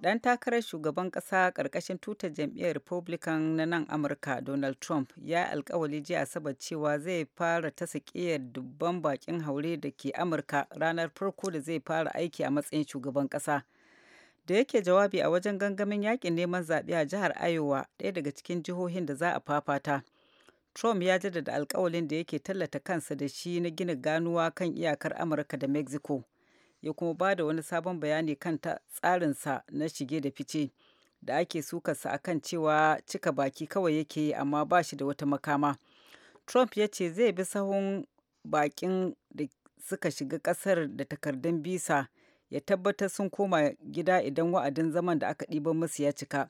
dan takarar shugaban kasa karkashin tutar jam'iyyar republican na nan amurka donald trump ya yi alkawali jiya asabar cewa zai fara ta sakiyar dubban bakin haure da ke amurka ranar farko da zai fara aiki a matsayin shugaban kasa da yake jawabi a wajen gangamin yakin neman zaɓe a jihar iowa ɗaya daga cikin jihohin da za a fafata trump ya jaddada alkawalin da yake tallata kansa da shi na gina ganuwa kan iyakar amurka da mexico ya kuma ba da wani sabon bayani kan tsarinsa na shige da fice da ake sukarsa a kan cewa cika baki kawai yake yi amma ba shi da wata makama trump ya ce zai bi sahun bakin da suka shiga kasar da takardun bisa ya tabbatar sun koma gida idan wa'adin zaman da aka ɗiban musu ya cika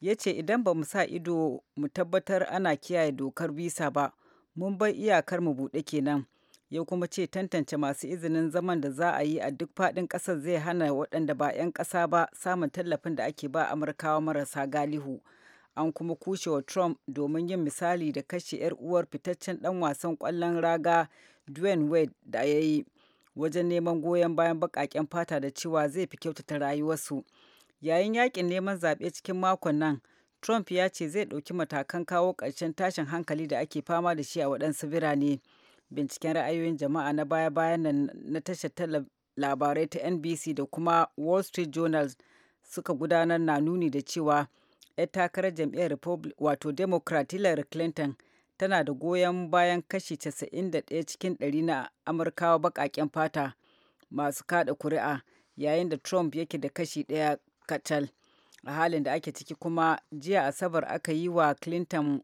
ya ce idan ba mu sa ido mu tabbatar ana kiyaye dokar bisa ba mun bar iyakar mu buɗe kenan ya kuma ce tantance masu izinin zaman da za a yi a duk faɗin ƙasar zai hana waɗanda ba 'yan ƙasa ba samun tallafin da ake ba amurkawa marasa galihu an kuma kushe wa trump domin yin misali da kashe 'yar uwar fitaccen ɗan wasan ƙwallon raga dwayne wade da ya yi wajen neman goyon bayan baƙaƙen fata da cewa zai fi kyautata rayuwarsu yayin yakin neman zaɓe cikin makon nan trump ya ce zai ɗauki matakan kawo ƙarshen tashin hankali da ake fama da shi a waɗansu birane binciken ra'ayoyin jama'a na baya-bayan nan na tashar labarai ta NBC da kuma Wall Street Journal suka gudanar na nuni da cewa 'yar takarar jam'iyyar wato Democrat Hillary Clinton tana da goyon bayan kashi 91 cikin 100 na Amurkawa baƙaƙen fata masu kada kuri'a yayin da Trump yake da kashi ɗaya kacal. A halin da ake ciki kuma jiya Asabar aka yi wa Clinton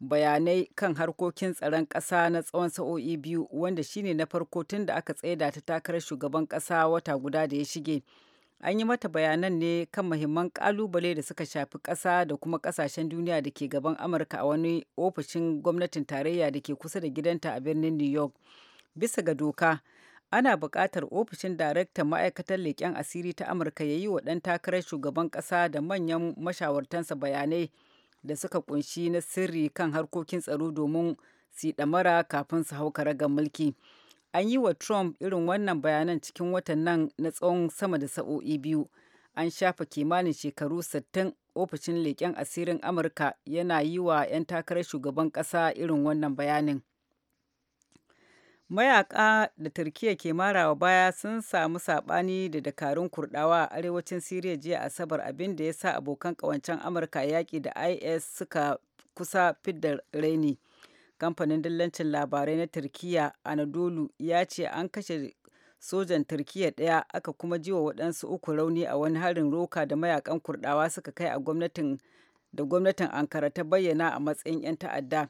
bayanai kan harkokin tsaron ƙasa na tsawon sa'o'i biyu wanda shine na farko tun da aka tsaida ta takarar shugaban ƙasa wata guda da ya shige an yi mata bayanan ne kan mahimman ƙalubale da suka shafi ƙasa da kuma ƙasashen duniya da ke gaban amurka a wani ofishin gwamnatin tarayya da ke kusa da gidanta a birnin new york bisa ga doka ana buƙatar ofishin daraktan ma'aikatar leƙen asiri ta amurka ya yi wa ɗan takarar shugaban ƙasa da manyan mashawartansa bayanai da suka kunshi na sirri kan harkokin tsaro domin su ɗamara kafin su hau karagar mulki an yi wa trump irin wannan bayanan cikin watan nan na tsawon sama da sa'o'i biyu an shafa kimanin shekaru sittin ofishin leƙen asirin amurka yana yi wa 'yan takarar shugaban ƙasa irin wannan bayanin Mayaƙa da Turkiyya ke marawa baya sun samu saɓani da dakarun Kurɗawa a arewacin Siriya jiya Asabar abin da ya sa abokan ƙawancen Amurka yaƙi da IS suka kusa fidda raini. Kamfanin dillancin labarai na Turkiyya Anadolu ya ce an kashe sojan Turkiyya ɗaya aka kuma ji wa waɗansu uku rauni a wani harin roka da mayakan Kurɗawa suka kai a gwamnatin da gwamnatin Ankara ta bayyana a matsayin 'yan ta'adda.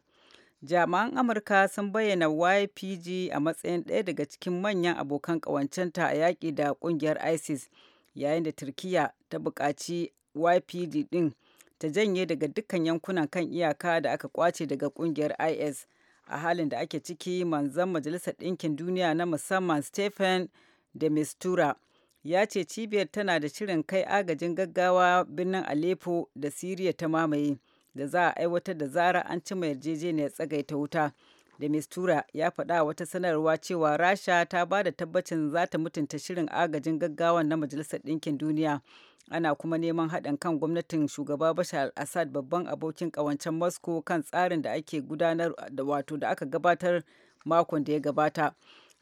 jami'an amurka sun bayyana ypg a matsayin ɗaya daga cikin manyan abokan ƙawancenta a yaƙi da ƙungiyar isis yayin da turkiya ta buƙaci ypg ɗin ta janye daga dukkan yankunan kan iyaka da aka kwace daga ƙungiyar is a halin da ake ciki manzan majalisar ɗinkin duniya na musamman stephen de mistura ya ce cibiyar tana da shirin kai agajin gaggawa birnin aleppo da siriya ta mamaye da za a aiwatar da zara an cima yarjejeniyar tsagaita wuta da mistura ya faɗa wata sanarwa cewa rasha ta ba da tabbacin za ta mutunta shirin agajin gaggawa na majalisar ɗinkin duniya ana kuma neman haɗin kan gwamnatin shugaba bashar al-assad babban abokin ƙawancen moscow kan tsarin da ake gudanar da wato da aka gabatar makon da ya gabata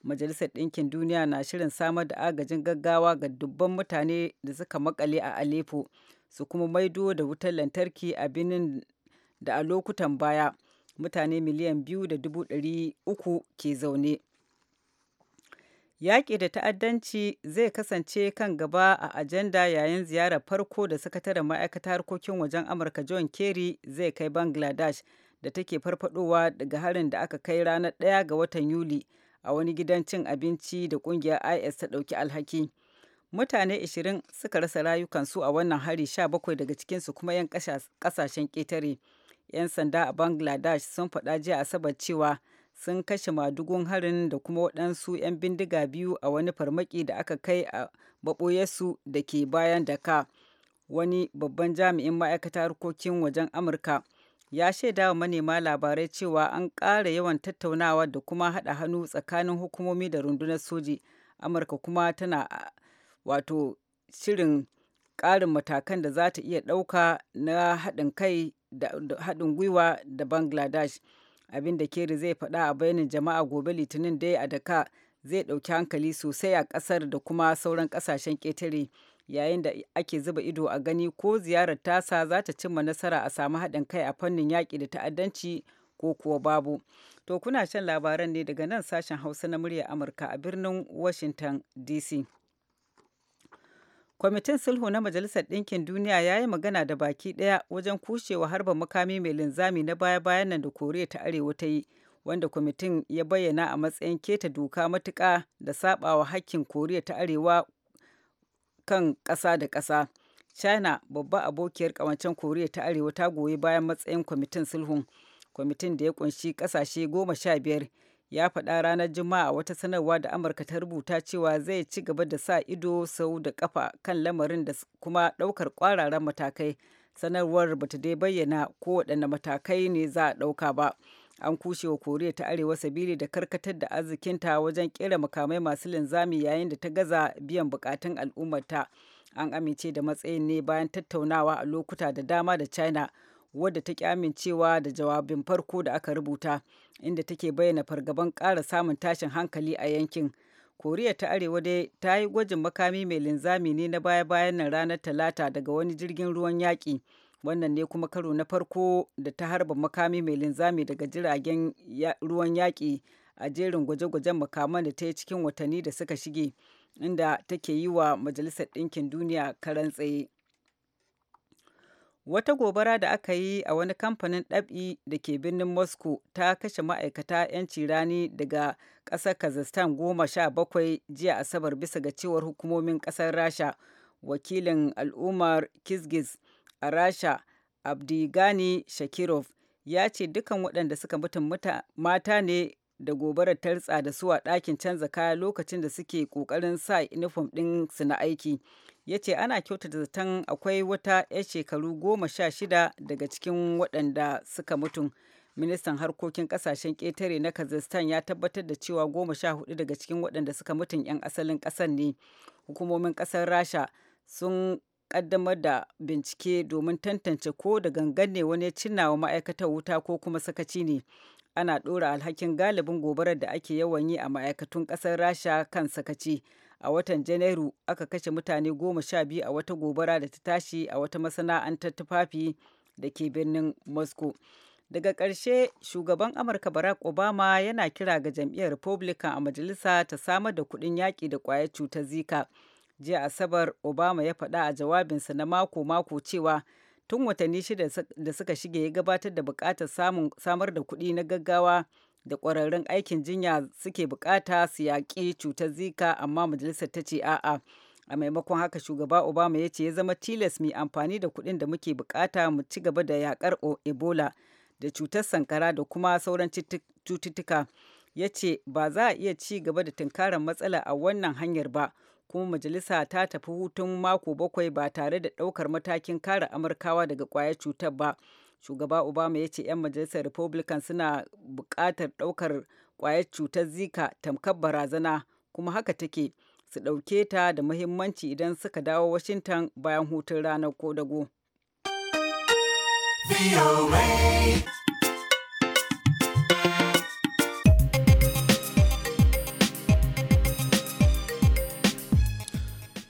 majalisar ɗinkin duniya na shirin samar da agajin gaggawa ga dubban mutane da suka makale a aleppo su kuma maido da wutar lantarki a binin da a lokutan baya mutane miliyan biyu da dubu ɗari uku ke zaune yaƙi da ta'addanci zai kasance kan gaba a ajanda yayin ziyarar farko da sakataren ma'aikata harkokin wajen amurka john kerry zai kai bangladesh da take farfadowa daga harin da aka kai ranar ɗaya ga watan yuli a wani gidan cin abinci da kungiyar is ta ɗauki alhaki mutane 20 suka rasa rayukansu a wannan hari 17 daga cikinsu kuma 'yan kasashen ƙetare. 'yan sanda a bangladesh sun faɗa jiya asabar cewa sun kashe madugun harin da kuma waɗansu 'yan bindiga biyu a wani farmaki da aka kai a baɓoyesu da ke bayan daka wani babban jami'in ma'aikatar harkokin wajen amurka ya shaida wa manema labarai cewa an ƙara yawan tattaunawa da kuma haɗa hannu tsakanin hukumomi da rundunar soji amurka kuma tana wato shirin ƙarin matakan da za ta iya ɗauka na haɗin kai da haɗin gwiwa da bangladesh abin da keri zai faɗa a bayanin jama'a gobe litinin dai a daka zai ɗauki hankali sosai a ƙasar da kuma sauran ƙasashen ƙetare yayin da ake zuba ido a gani ko ziyarar tasa za ta cimma nasara a samu haɗin kai a fannin yaƙi da ta'addanci ko kuwa babu to kuna shan labaran ne daga nan sashen hausa na murya amurka a birnin washington dc kwamitin sulhu na majalisar ɗinkin duniya ya yi magana da baki ɗaya wajen kushewa harba makami mai linzami na baya-bayan nan da koriya ta arewa ta yi wanda kwamitin ya bayyana a matsayin keta doka matuƙa da saɓawa hakkin koriya ta arewa kan ƙasa da ƙasa china babba abokiyar ƙawancen koriya ta arewa ta goyi bayan matsayin kwamitin sulhun kwamitin da ya ƙunshi ƙasashe goma sha biyar ya faɗa ranar Juma'a wata sanarwa da Amurka ta rubuta cewa zai ci gaba da sa ido sau da kafa kan lamarin da kuma ɗaukar ƙwararan matakai. Sanarwar ba ta dai bayyana ko waɗanne matakai ne za a ɗauka ba. An kushe wa Koriya ta Arewa sabili da karkatar da arzikinta wajen kera makamai masu linzami yayin da ta gaza biyan bukatun al'ummarta. An amince da matsayin ne bayan tattaunawa a lokuta da dama da China. wadda ta ki amincewa da jawabin farko da aka rubuta inda take bayyana fargaban ƙara samun tashin hankali a yankin koriya ta arewa dai ta yi gwajin makami mai linzami ne na baya-bayan nan ranar talata daga wani jirgin ruwan yaƙi wannan ne kuma karo na farko da ta harba makami mai linzami daga jiragen ruwan yaƙi a jerin gwaje-gwajen makaman da ta yi cikin watanni da suka shige inda take yi wa majalisar ɗinkin duniya karan tsaye Wata gobara da aka yi a wani kamfanin ɗab'i da ke birnin Moscow ta kashe ma'aikata 'yan cirani daga ƙasar Kazakhstan goma sha bakwai jiya Asabar bisa ga cewar hukumomin ƙasar Rasha. Wakilin al'ummar Kizgiz a Rasha, Abdigani Shakirov, ya ce dukan waɗanda suka mutu mata ne da gobarar ta da su a ɗakin canza kaya lokacin da suke ƙoƙarin sa inifom ɗin su na aiki. Ya ce ana kyautata zaton akwai wata 'yar shekaru goma sha shida daga cikin waɗanda suka mutu. Ministan harkokin ƙasashen ƙetare na Kazakhstan ya tabbatar da cewa goma sha hudu daga cikin waɗanda suka mutu 'yan asalin ƙasar ne. Hukumomin ƙasar Rasha sun kaddamar da bincike domin tantance ko da gangan ne wani ya cinna wa ma'aikatar wuta ko kuma sakaci ne ana ɗora alhakin galibin gobarar da ake yawan yi a ma'aikatun ƙasar rasha kan sakaci a watan janairu aka kashe mutane goma sha biyu a wata gobara da ta tashi a wata masana'antar tufafi da ke birnin moscow daga ƙarshe shugaban amurka barack obama yana kira ga jam'iyyar republican a majalisa ta samar da kuɗin yaƙi da ƙwayar cutar zika jiya Asabar Obama ya faɗa a jawabinsa na mako-mako cewa tun watanni shida da suka shige ya gabatar da bukatar samar da kuɗi na gaggawa da ƙwararrun aikin jinya suke bukata su yaƙi cutar zika amma majalisar ta ce a'a a maimakon haka shugaba obama ya ce ya zama tilas mai amfani da kuɗin da muke bukata mu ci gaba da yaƙar ebola da cutar sankara da kuma sauran cututtuka ya ce ba za a iya ci gaba da tunkarar matsala a wannan hanyar ba kuma majalisa ta tafi hutun mako bakwai ba tare da ɗaukar matakin kare amurkawa daga kwayar cutar ba shugaba obama ya ce 'yan majalisar republican suna buƙatar ɗaukar kwayar cutar zika tamkar barazana kuma haka take su ɗauke ta da muhimmanci idan suka dawo washington bayan hutun ranar dago.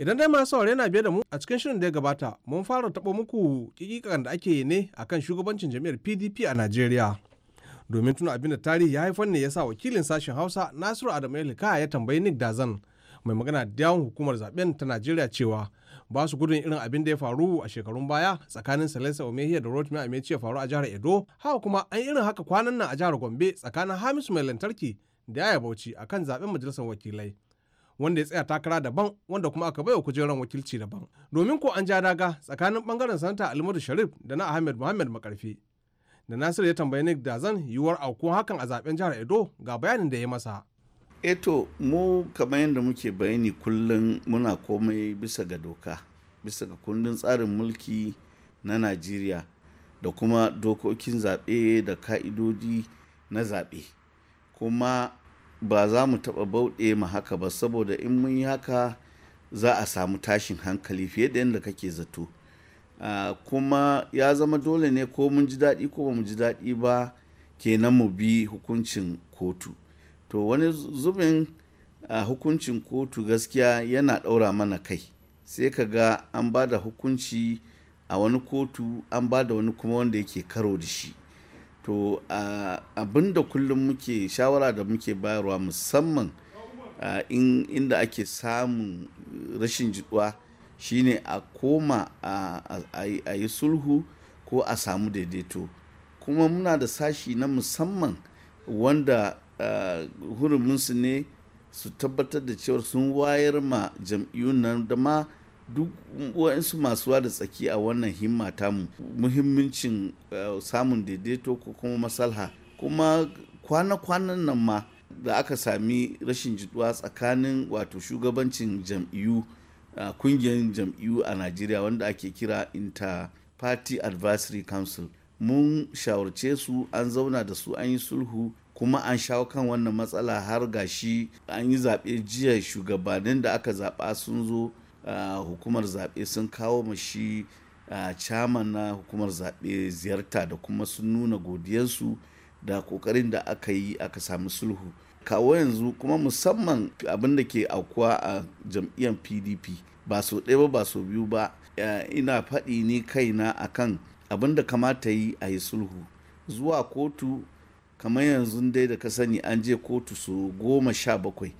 Idan dai masu saurari na biye da mu a cikin shirin da ya gabata mun fara taɓa muku kikikan da ake yi ne akan shugabancin jami'ar PDP a Najeriya. Domin tuna abin da tarihi ya haifar ne ya sa wakilin sashen Hausa Nasiru Adamu Elika ya tambayi Nick Dazan mai magana da yawon hukumar zaben ta Najeriya cewa ba su gudun irin abin da ya faru a shekarun baya tsakanin Salisa Omehiya da Rotimi a ya faru a jihar Edo, haka kuma an irin haka kwanan nan a jihar Gombe tsakanin Hamisu mai lantarki da Yaya Bauchi akan zaben majalisar wakilai. wanda ya tsaya takara daban wanda kuma aka baiwa kujerar wakilci daban domin ko an ja daga tsakanin bangaren sanata almuru sharif da na ahmed muhammad makarfi da nasir ya tambayi da zan yiwuwar aukuwan hakan a zaben jihar edo ga bayanin da ya masa eto eh mu kamar yadda muke bayani kullum muna komai bisa ga doka bisa ga kundin tsarin mulki na najeriya da kuma dokokin zaɓe da ka'idodi na zaɓe kuma ba za mu taɓa bauɗe ma haka ba saboda in mun yi haka za a samu tashin hankali fiye da yadda kake zato kuma ya zama dole ne ko mun ji daɗi ko ba mu ji daɗi ba kenan mu bi hukuncin kotu to wani zubin hukuncin kotu gaskiya yana ɗaura mana kai sai ka ga an ba da hukunci a wani kotu an ba da wani kuma wanda yake karo da shi to uh, abinda kullum muke shawara da muke bayarwa musamman in inda ake samun rashin jituwa shine a koma a yi sulhu ko a samu daidaito kuma muna da sashi na musamman wanda huruminsu ne su tabbatar da cewar sun wayar ma jam'iyyun nan da ma duk waɗansu masu da tsaki a wannan himma tamu muhimmancin eh, samun daidaito ko kuma masalha kuma kwana-kwanan nan ma da aka sami rashin jituwa tsakanin wato shugabancin jam'iyyu kungiyar jam'iyyu a najeriya wanda ake kira inter party advisory council mun shawarce su an zauna da su an yi sulhu kuma an shawo kan wannan matsala har gashi an yi zaɓe jiya shugabannin da aka zaɓa sun zo hukumar zaɓe sun kawo ma shi caman na hukumar zaɓe ziyarta da kuma sun nuna godiyarsu da ƙoƙarin da aka yi aka samu sulhu kawo yanzu kuma musamman abin da ke aukuwa a jam'iyyar pdp ba so ɗaya ba ba so biyu ba ina faɗi ni kaina akan abin da kamata yi a yi sulhu zuwa kotu kamar yanzu dai da ka sani an je kotu su goma sha bakwai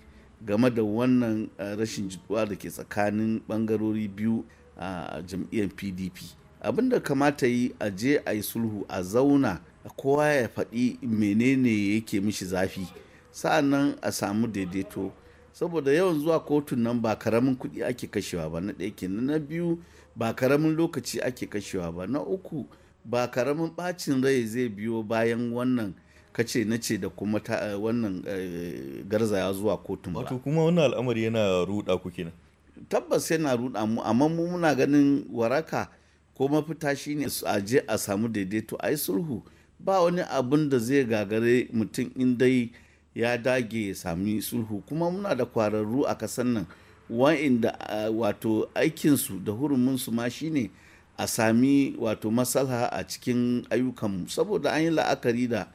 game da wannan uh, rashin jituwa da ke tsakanin bangarori biyu uh, a jam'iyyar pdp abin da kamata yi a je a yi sulhu a zauna kowa ya faɗi menene yake mishi zafi nan a samu daidaito saboda yawan zuwa kotun nan ba karamin kuɗi ake kashewa ba na ɗaya kenan na biyu ba karamin lokaci ake kashewa ba na uku ba karamin ɓacin rai zai biyo bayan wannan ka ce na ce da kuma eh, wannan eh, garzaya zuwa kotun ba wato kuma wannan al'amari yana ruɗa ku kenan tabbas yana ruɗa mu amma mu muna ganin waraka ko mafita shi shine a je a samu daidaito a yi sulhu ba wani abin da zai gagare mutum in dai ya dage ya sami sulhu kuma muna da kwararru a kasan nan wa'inda eh, wato aikinsu da huruminsu ma shi ne a sami wato masalha a cikin ayyukanmu saboda an yi la'akari da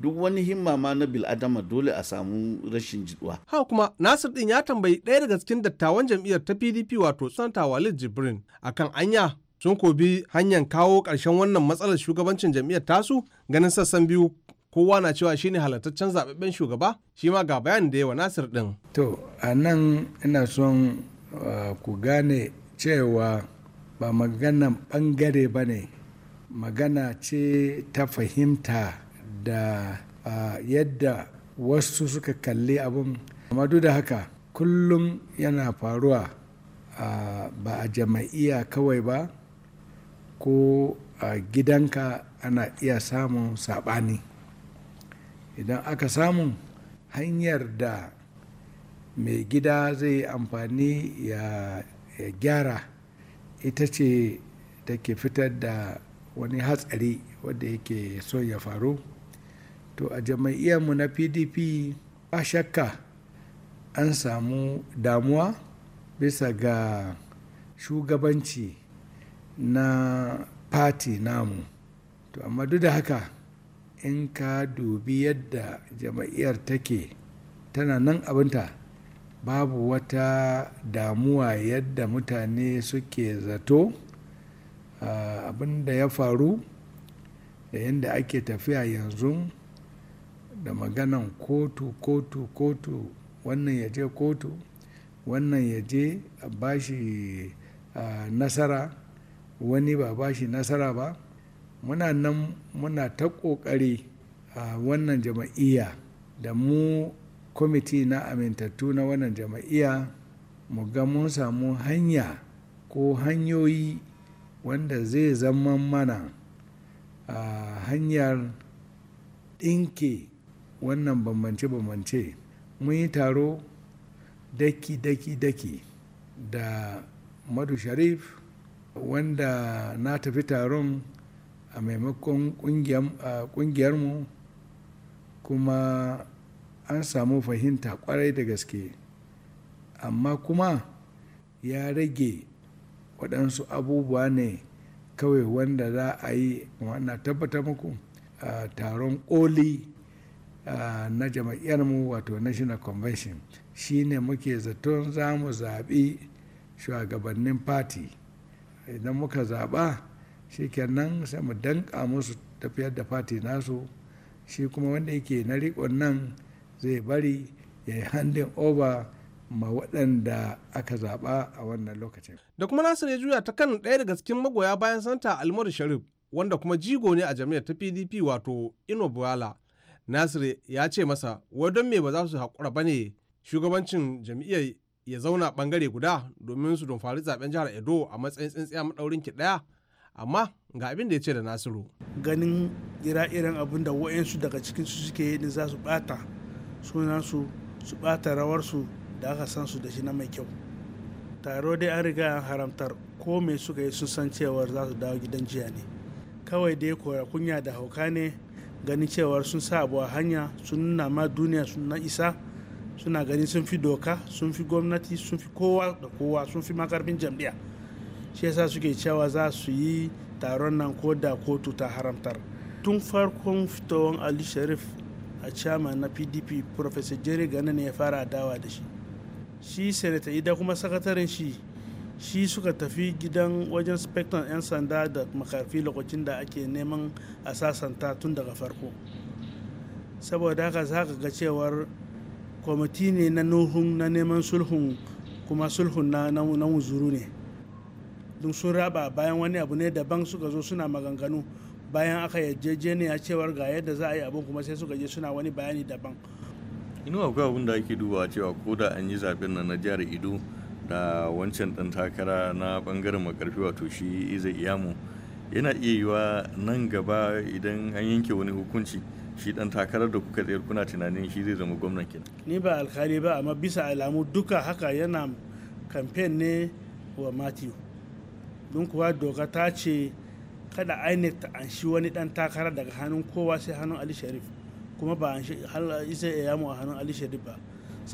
duk wani himma ma na bil'adama dole a samu rashin jiduwa. Ha kuma Nasir din ya tambayi ɗaya daga cikin dattawan jam'iyyar ta PDP wato Santa Walid Jibrin akan anya sun kobi hanyar kawo karshen wannan matsalar shugabancin jam'iyyar tasu ganin sassan biyu kowa na cewa shine halartaccen zababben shugaba shi ma ga bayanin da yawa Nasir din. To a nan ina son ku gane cewa ba maganan bangare ba ne magana ce ta fahimta da yadda wasu suka kalli abin amma duk da haka kullum yana faruwa ba a jama'iya kawai ba ko a gidanka ana iya samun saɓani idan aka samu hanyar da mai gida zai amfani ya gyara ita ce take fitar da wani hatsari wadda yake so ya faru to a mu na pdp ba shakka an samu damuwa bisa ga shugabanci na fati namu to amma duk da haka in ka dubi yadda jama'iyyar take tana nan abinta babu wata damuwa yadda mutane suke zato ah, abin da ya faru da yadda ake tafiya yanzu da maganan kotu kotu kotu wannan ya je kotu wannan ya je a bashi nasara wani ba bashi nasara ba muna nan muna ta kokari a wannan jama'iyya da mu kwamiti na amintattu na wannan jama'iyya mu ga mun samu hanya ko hanyoyi wanda zai zama mana a hanyar ɗinke wannan bambance-bambance mun yi taro daki-daki-daki da madu sharif wanda na tafi taron a maimakon kungiyarmu kuma an samu fahimta kwarai da gaske amma kuma ya rage waɗansu abubuwa ne kawai wanda za a yi na tabbatar muku taron koli na mu wato national convention shine muke zaton za mu zaɓi shugabannin party idan muka zaɓa shikenan sai mu danka musu tafiyar da party nasu shi kuma wanda yake na rikon nan zai bari ya yi handin oba ma waɗanda aka zaɓa a wannan lokacin. Da kuma nasu ya juya ta kan ɗaya daga cikin magoya bayan santa Almar Sharif wanda kuma jigo ne a jami'ar ta PDP wato Ino Nasir ya ce masa wadon don me ba za su haƙura ba ne shugabancin jam'iyyar ya zauna bangare guda domin su dumfari zaben jihar Edo a matsayin tsintsiya maɗaurin ki ɗaya amma ga abin da ya ce da Nasiru. Ganin ira irin abin da wa'yansu daga cikin su suke yi za su ɓata sunansu su ɓata su da aka san su da shi na mai kyau. Taro dai an riga an haramtar ko me suka yi sun san cewar za su dawo gidan jiya ne. Kawai dai koya kunya da hauka ne ganin cewar sun sa abu a hanya sun nuna ma duniya sun na isa suna gani sun fi doka sun fi gwamnati sun fi kowa da kowa sun fi makarfin jam'iyya shi yasa suke cewa za su yi taron nan ko da kotu ta haramtar tun farkon fitowar ali sharif a chairman na pdp professor jerry gana ne ya fara dawa da shi shi senator ida kuma sakataren shi shi suka tafi gidan wajen spectrum 'yan sanda da makafi lokacin da ake neman a sasanta tun daga farko saboda haka za ka ga cewar kwamiti ne na nuhun na neman sulhun kuma sulhun na na wuzuru ne don sun raba bayan wani abu ne daban suka zo suna maganganu bayan aka a cewar ga yadda za a yi abin kuma sai suka je suna wani bayani daban inu akwai abin da ake dubawa cewa ko da an yi zaben nan na jihar ido da wancan ɗan takara na bangaren makarfi wato shi izai iyamu yana iya yiwa nan gaba idan an yanke wani hukunci shi ɗan takarar da kuka tsayar kuna tunanin shi zai zama gwamnan kenan ni ba alkali ba amma bisa alamu duka haka yana kamfen ne wa matthew don kuwa doka ta ce kada inec ta anshi wani dan takara daga hannun kowa sai hannun ali sharif kuma ba an shi yamu a hannun ali sharif ba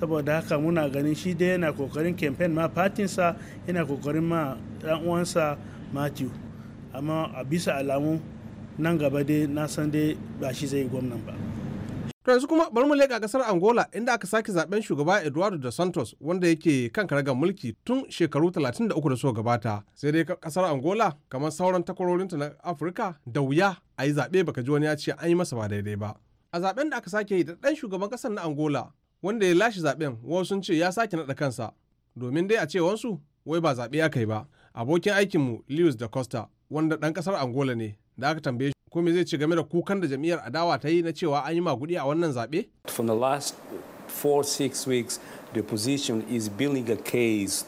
saboda haka muna ganin shi dai yana kokarin campaign ma fatinsa yana kokarin ma dan uwansa matthew amma a bisa alamu nan gaba dai na san dai ba shi zai gwamnan ba to yanzu kuma bari mu leƙa kasar angola inda aka sake zaben shugaba eduardo da santos wanda yake kan karagar mulki tun shekaru 33 da suka gabata sai dai kasar angola kamar sauran takwarorinta na afirka da wuya a yi zaɓe baka ji wani ya ce an yi masa ba daidai ba a zaben da aka sake yi da ɗan shugaban ƙasar na angola wanda ya lashe zaben wasu sun ce ya sake naɗa kansa domin dai a wansu wai ba zaɓe aka yi ba abokin aikinmu lewis da costa wanda ɗan ƙasar angola ne da aka tambaye shi ko me zai ci game da kukan da jam'iyyar adawa ta yi na cewa an yi maguɗi a wannan zaɓe from the last four six weeks the the is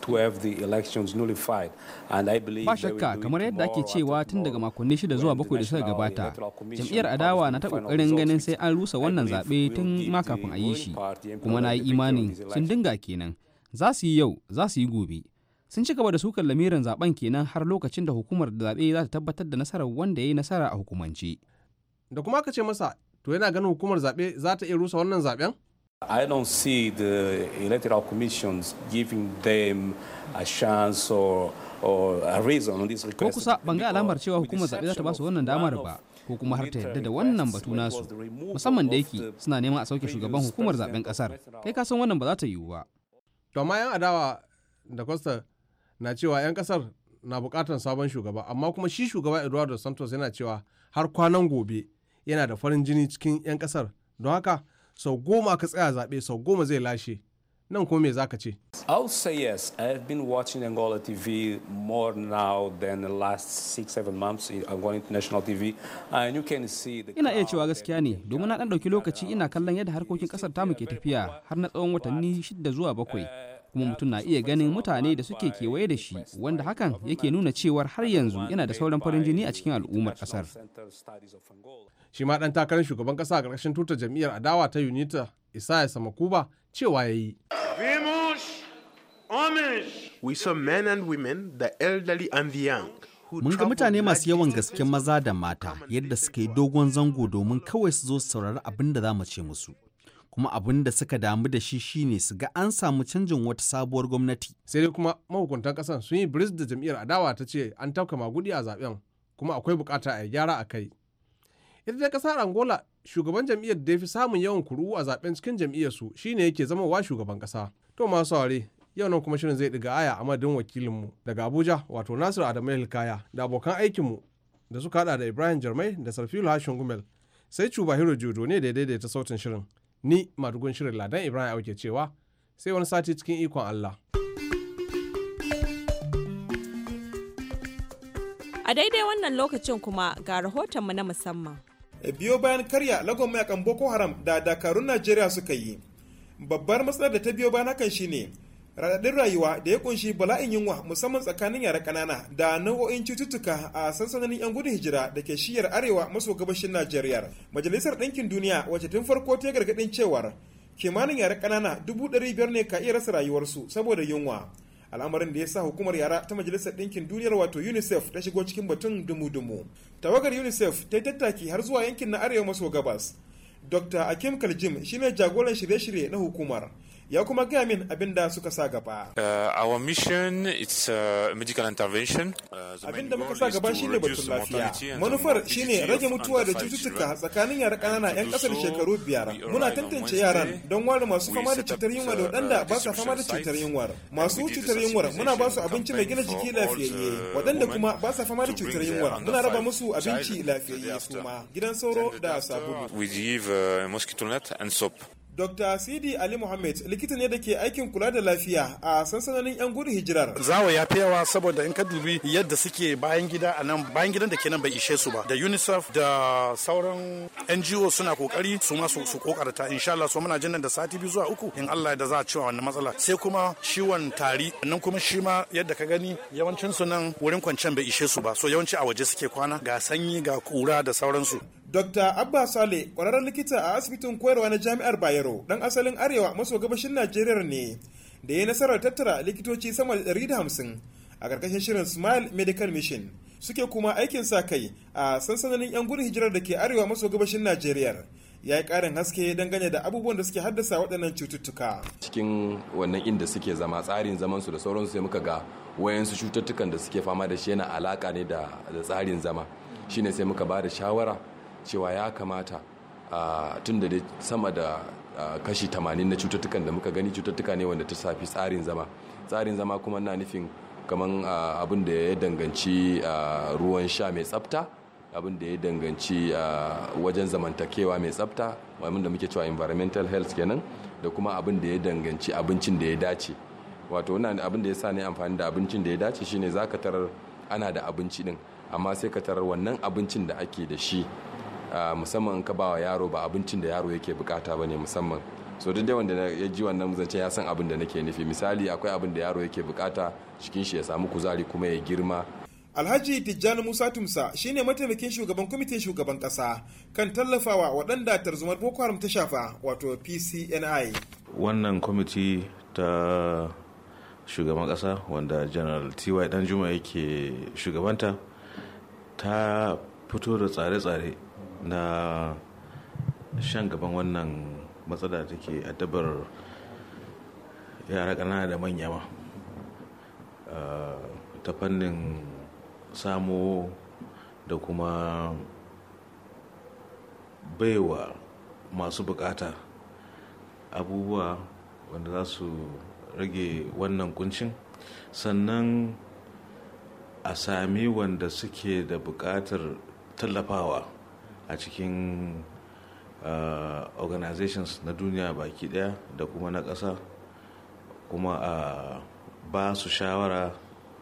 elections Ba shakka kamar yadda ake cewa tun daga makonni shida zuwa bakwai da suka gabata, jam'iyyar adawa na ta kokarin ganin sai an rusa wannan zaɓe tun ma kafin a yi shi, kuma na yi imanin sun dinga kenan, za su yi yau, za su yi gobe. Sun ci gaba da sukar lamirin zaben kenan har lokacin da hukumar zabe za ta tabbatar da nasarar wanda ya yi nasara a hukumance. Da kuma aka ce masa, to yana ganin hukumar zaɓe za ta iya rusa wannan zaɓen? I don't see the electoral commissions giving them a chance or or a reason on this request. Ko kusa ban ga alamar cewa hukumar zaɓe za ta ba su wannan damar ba ko kuma har ta yarda da wannan batu nasu musamman da yake suna neman a sauke shugaban hukumar zaben kasar kai ka san wannan ba za ta yiwu ba. To yan adawa da Costa na cewa yan kasar na bukatar sabon shugaba amma kuma shi shugaba Eduardo Santos yana cewa har kwanan gobe yana da farin jini cikin yan kasar don haka sau goma aka tsaya zaɓe sau goma zai lashe nan kuma me zaka ce I'll say yes have been watching Angola TV more now than the last six seven months I'm going to national TV and you can see the ina iya cewa gaskiya ne domin na dan dauki lokaci ina kallon yadda harkokin kasar ta muke tafiya har na tsawon watanni shida zuwa bakwai kuma mutum na iya ganin mutane da suke kewaye da shi wanda hakan yake nuna cewar har yanzu yana da sauran farin jini a cikin al'ummar kasar shi ma dan takarar shugaban kasa a ƙarƙashin tutar jam'iyyar adawa ta unita isaya samakuba cewa ya yi men and women, the elderly and the young, Mun ga mutane masu yawan gaske maza da mata yadda suka yi dogon zango domin kawai su zo su saurari abin da za mu ce musu. kuma abin da suka damu da shi shine su ga an samu canjin wata sabuwar gwamnati sai dai kuma mahukuntan kasan sun yi biris da jam'iyyar adawa ta ce an tauka magudi a zaben kuma akwai bukata a gyara a kai ita dai kasar angola shugaban jam'iyyar da ya fi samun yawan kuru'u a zaben cikin jam'iyyar su shine yake zama wa shugaban kasa to masu saurare yau nan kuma shirin zai ɗiga aya a madadin wakilinmu daga abuja wato nasiru adamu hilkaya da abokan aikinmu da suka hada da ibrahim jarmai da sarfilu hashin gumel sai cuba hiro jodo ne da ya daidaita sautin shirin ni madugun shirin ladan ibrahim auke cewa sai wani sati cikin ikon allah a daidai wannan lokacin kuma ga rahotonmu na musamman eh, biyo bayan karya lagon mayakan boko haram da dakarun najeriya suka yi babbar matsalar da ta biyo bayan hakan shine radadin rayuwa da ya kunshi bala'in yunwa musamman tsakanin yara ƙanana da nau'o'in cututtuka a sansanonin 'yan gudun hijira da ke shiyar arewa maso gabashin najeriya majalisar ɗinkin duniya wacce tun farko ta gargaɗin cewar kimanin yara kanana dubu ɗari biyar ne ka iya rasa rayuwarsu saboda yunwa al'amarin da ya sa hukumar yara ta majalisar ɗinkin duniyar wato unicef ta shigo cikin batun dumu-dumu tawagar unicef ta yi tattaki har zuwa yankin na arewa maso gabas dr akim kaljim shine jagoran shirye-shirye na hukumar ya kuma gaya min abin da suka sa gaba. Uh, our mission it's a uh, medical intervention. Uh, abin da muka sa gaba shi ne batun lafiya. Manufar shi ne rage mutuwa da cututtuka tsakanin yara ƙanana 'yan ƙasar shekaru biyar. Muna tantance yaran don ware masu fama da cutar yunwa da waɗanda ba sa fama da cutar yunwar. Masu cutar yunwar muna ba su abinci mai gina jiki lafiyayye. Waɗanda kuma ba sa fama da cutar yunwar muna raba musu abinci lafiyayye su ma. Gidan sauro da sabulu. We give mosquito net and soap. Dr. Sidi Ali Mohammed likita ne da ke aikin kula da lafiya a sansanonin 'yan gudun hijirar. Zawo ya fi yawa saboda in ka dubi yadda suke bayan gida a nan bayan gidan da ke nan bai ishe su ba. Da UNICEF da sauran NGO suna kokari su ma su kokarta insha Allah so muna jin da sati biyu zuwa uku in Allah da za a cewa wannan matsala. Sai kuma ciwon tari nan kuma shi ma yadda ka gani yawancin su nan wurin kwancen bai ishe su ba so yawanci a waje suke kwana ga sanyi ga kura da sauransu. Dr. Abba Sale, ƙwararren likita a asibitin koyarwa na Jami'ar Bayero, dan asalin Arewa maso gabashin Najeriya ne, da ya nasarar tattara likitoci sama da 150 a ƙarƙashin shirin Smile Medical Mission. Suke kuma aikin sa kai a sansanonin 'yan gudun hijirar da ke Arewa maso gabashin Najeriya. ya yi ƙarin haske dangane da abubuwan da suke haddasa waɗannan cututtuka. Cikin wannan inda suke zama tsarin zamansu da sauran su sai muka ga wayansu cututtukan da suke fama da shi yana alaƙa ne da tsarin zama. shi ne sai muka ba da shawara cewa ya kamata tun da sama da kashi 80 na cututtukan da muka gani cututtuka ne wanda ta safi tsarin zama tsarin zama kuma na nufin kamar abin da ya danganci ruwan sha mai tsafta abin da ya danganci wajen zamantakewa mai tsafta wani da muke cewa environmental health kenan da kuma abin da ya danganci abincin da ya dace wato wannan abin da ya sa ne amfani da abincin da ya dace shine zaka tarar ana da abinci din amma sai ka tarar wannan abincin da ake da shi musamman ka ba wa yaro ba abincin da yaro yake bukata ba ne musamman so duk da wanda ya ji wannan zance ya san abin da nake nufi misali akwai abin da yaro yake bukata cikin shi ya samu kuzari kuma ya girma Alhaji Tijjani Musa Tumsa shine mataimakin shugaban kwamitin shugaban kasa kan tallafawa waɗanda tarzumar Boko Haram ta shafa wato PCNI. Wannan kwamiti ta shugaban kasa wanda General TY Danjuma yake shugabanta ta fito da tsare-tsare na shan gaban wannan matsala da take addabar yara ƙanana da manya ma ah, ta fannin samo da kuma baiwa masu bukata abubuwa wanda za su rage wannan kuncin sannan a sami wanda suke da bukatar tallafawa a cikin eh, organizations na duniya baki daya da kuma na ƙasa kuma a ba su shawara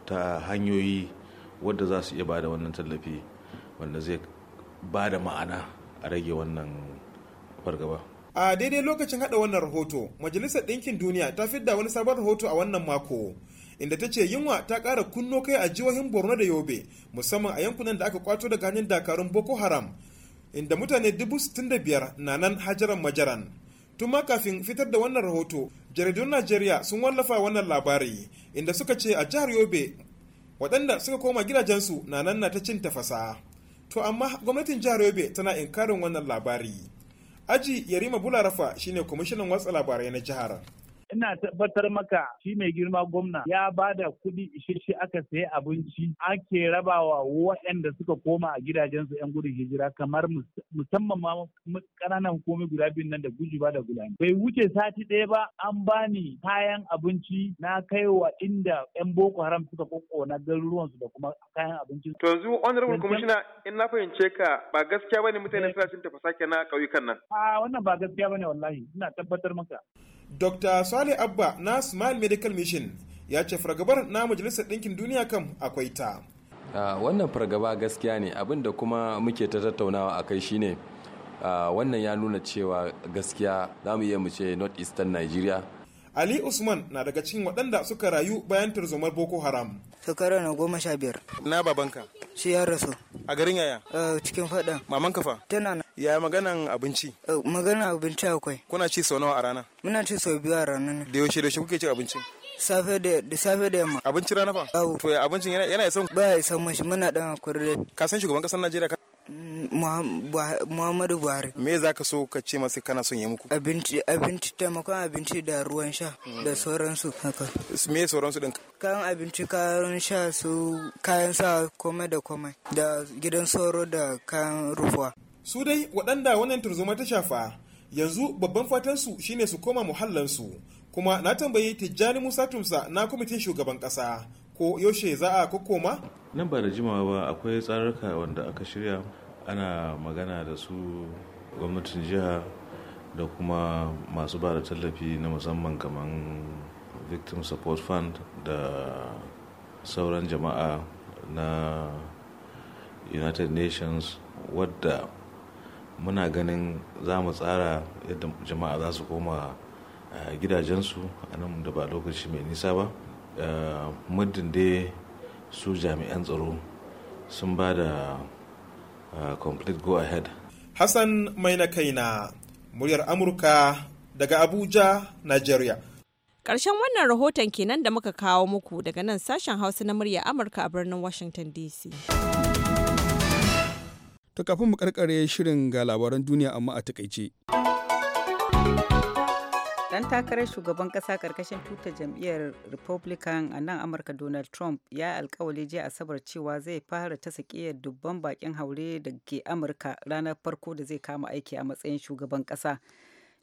ta hanyoyi wadda za su iya ba da wannan tallafi wanda zai ba da ma'ana a rage wannan fargaba. a daidai lokacin hada wannan rahoto majalisar ɗinkin duniya ta fidda wani sabon rahoto a wannan mako inda ta ce yunwa ta ƙara kunno kai a jihohin borno da yobe musamman a yankunan da aka kwato daga hanyar dakarun boko haram inda mutane dubu sittin da biyar na nan hajaran majaran tun ma kafin fitar da wannan rahoto jaridun najeriya sun wallafa wannan labari inda suka ce a jihar yobe waɗanda suka koma gidajensu na nan na ta cin tafasa to amma gwamnatin jihar yobe tana inkarin wannan labari aji yarima bularafa shine kwamishinan watsa labarai na jihar Ina tabbatar maka shi mai girma gwamna ya ba da kuɗi isasshe aka sayi abinci ake rabawa waɗanda suka koma a gidajensu 'yan gudun hijira kamar musamman ma ƙananan hukumi guda biyu nan da guji ba da gulani. Bai wuce sati ɗaya ba an bani kayan abinci na kaiwa inda 'yan Boko Haram suka na su da kuma kayan abinci. To yanzu honorable commissioner in na fahimce ka ba gaskiya bane mutane eh. suna cin tafasa kenan ƙauyukan nan. A wannan ba gaskiya bane wallahi ina tabbatar maka. dr sale abba na smile medical mission ya ce fargabar na majalisar ɗinkin duniya kan akwai ta wannan fargaba gaskiya ne abin da kuma muke ta tattaunawa a kai shine wannan ya nuna cewa gaskiya za mu iya mu ce north eastern nigeria Ali Usman na daga cikin waɗanda suka rayu bayan tarzomar Boko Haram. Shekara na goma sha biyar. Na babanka? Shi ya rasu. A garin yaya? Eh, cikin faɗa. Mamanka fa? Tana na. ya maganan abinci oh, maganan abinci akwai kuna ci sau nawa a rana muna ci sau biyu a rana ne da yaushe da kuke cin abinci safe da da safe da yamma abinci rana fa to ya abincin yana yana son ba ya son mashi muna dan da ka san shugaban kasar Najeriya ka Muhammadu Buhari. Me za ka so ka ce masu kana son ya muku? Abinci, abinci, taimakon abinci da ruwan sha da sauransu haka. Me sauransu ɗin? Kayan abinci, kayan sha su kayan sa komai da komai da gidan sauro da kayan rufuwa. su dai waɗanda wannan tarzoma ta shafa yanzu babban fatan su shine su koma muhallansu kuma na tambayi tijjani musa tumsa na kwamitin shugaban ƙasa ko yaushe za a kokoma nan ba da jimawa ba akwai tsaruka wanda aka shirya ana magana da su gwamnatin jiha da kuma masu ba da tallafi na musamman kamar victim support fund da sauran jama'a na united nations wadda muna ganin za mu tsara yadda jama'a za su koma eh, gidajensu a nan da ba lokaci mai nisa ba eh, muddin dai su jami'an tsaro sun ba da eh, complete go ahead hassan mai na kaina muryar amurka daga abuja nigeria ƙarshen wannan rahoton kenan da muka kawo muku daga nan sashen hausa na murya amurka a birnin washington dc To kafin mu karkare shirin ga labaran duniya amma a takaice. Dan takarar shugaban kasa karkashin tuta jam'iyyar Republican a nan Amurka Donald Trump ya alkawali jiya Asabar cewa zai fara ta sakiyar dubban bakin haure da ke Amurka ranar farko da zai kama aiki a matsayin shugaban kasa.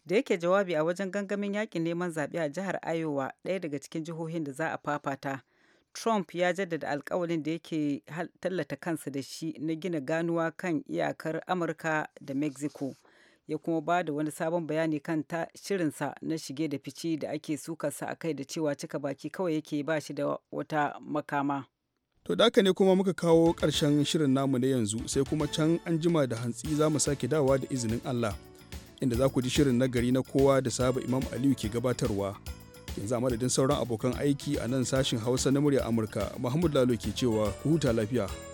Da yake jawabi a wajen gangamin yakin neman zaɓe a jihar Iowa ɗaya daga cikin jihohin da za a fafata. Trump ya jaddada alkawalin da yake tallata kansa da shi na gina ganuwa kan iyakar Amurka da Mexico. Ya kuma ba da wani sabon bayani kan ta shirinsa na shige da fice da ake sukarsa a kai da cewa cika baki kawai yake ba shi da wata makama. To da ne kuma muka kawo ƙarshen shirin namu na yanzu sai kuma can an jima da hantsi za mu sake dawa da izinin Allah. Inda za ku ji shirin nagari na kowa da saba Imam Aliyu ke gabatarwa. yanzu a madadin sauran abokan aiki a nan sashin hausa na murya amurka muhammadu lalo ke cewa ku huta lafiya